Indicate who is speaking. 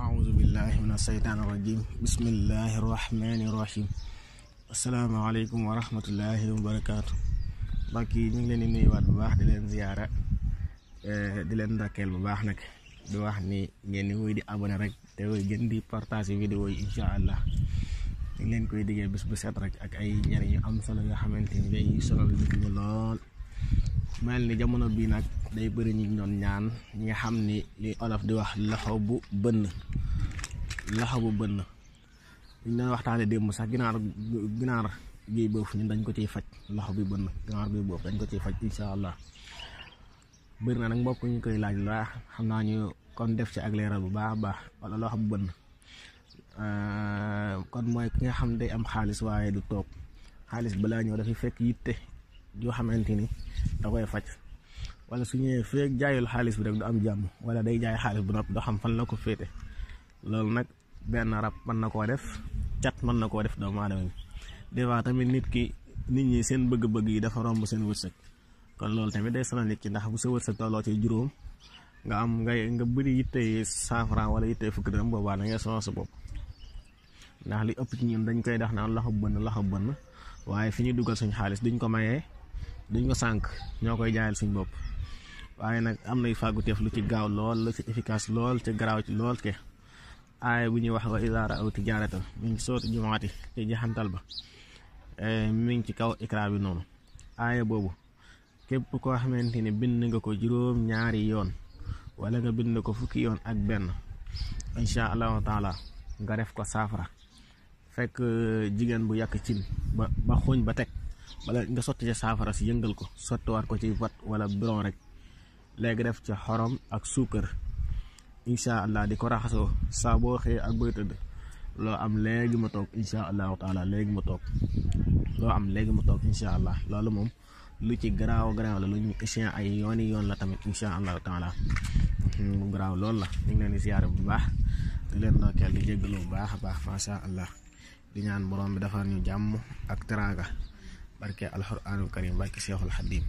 Speaker 1: aoudu billahi min asheytaan irajim bismillahi irrahmani irrahim asalaamaaleykum wa rahmatullahi wa barakaatu mbokk yi ñu ngi leen di nuyuwaat bu baax di leen ziyaara eh, di leen ndokkeel bu baax nag di wax ni ngeen di wuy di abonné rek te woy gën di partage vidéo yi incha allah ñu ngi leen koy diggee bis bu set rek ak ay njariñ yu am solo yoo xamante ni day sonal nit ñi lool mel ni jamono bii nag day bëri ñu doon ñaan ñi nga xam ni li olof di wax loxo bu bënn laxabu bën na ñu daan waxtaane démb sax ginaar ginaar giy boof ñun dañ ko ciy faj laxaw bi bën na ginaar giy boof dañ ko ciy faj incha allah bëri na nag mbokk koy laaj la xam naa ñu kon def ci ak leeral bu baax a baax wala bu bën na kon mooy ki nga xam day am xaalis waaye du toog xaalis balaa ñëw dafay fekk yitte yoo xamante ni da koy faj wala su ñëwee feeg jaayul xaalis bi rek du am jàmm wala day jaay xaalis bu noppi doo xam fan la ko féete loolu nag benn rab mën na koo def cat mën na koo def doomu aadama bi des fois tamit nit ki nit ñi seen bëgg-bëgg yi dafa romb seen wërsëg kon loolu tamit day sonal nit ki ndax bu sa wërsëg tolloo ci juróom nga am ngay nga bëri yitte saafara wala yitte fukki dërëm boobaa da ngay sonal sa bopp ndax li ëpp ci ñun dañ koy dax naan loxo bënn loxo bënn waaye fi ñu dugal suñ xaalis duñ ko mayee duñ ko sànq ñoo koy jaayal suñu bopp waaye nag am nay fàgguteef lu ci gaaw lool lu ci efficace lool ci garaaw ci lool ke aaya bu ñuy wax wa izaa ra'aw tijaaratan mi ngi sooti jumaati te jaxantal ba eh, mu ngi ci kaw ikra bi noonu aaya boobu képp koo xamante ne bind nga ko juróom ñaari yoon walla nga bind ko fukki yoon ak benn incha allahu taala nga def ko saafara fekk eh, jigéen bu yàkk cin ba xooñ ba teg walla nga sotti ca saafara si yëngal ko sottiwaat ko ci wat walla biron rek léegi def ca xorom ak suukar incha allah di ko raxasoo saa boo xëyee ak booy tëdd loo am léegi ma toog incha allahu léegi ma toog loo am léegi ma toog incha allah loolu moom lu ci garaaw garaaw la lu ñu échéant ay yooni yoon la tamit incha allahu taala bu garaaw lool la ñu ngi leen di siyaare bu baax di leen ndokkeel di jéggalu bu baax a baax macha allah di ñaan borom bi defar ñu jàmm ak teraanga barke alxuraanul karim barke seexul xadim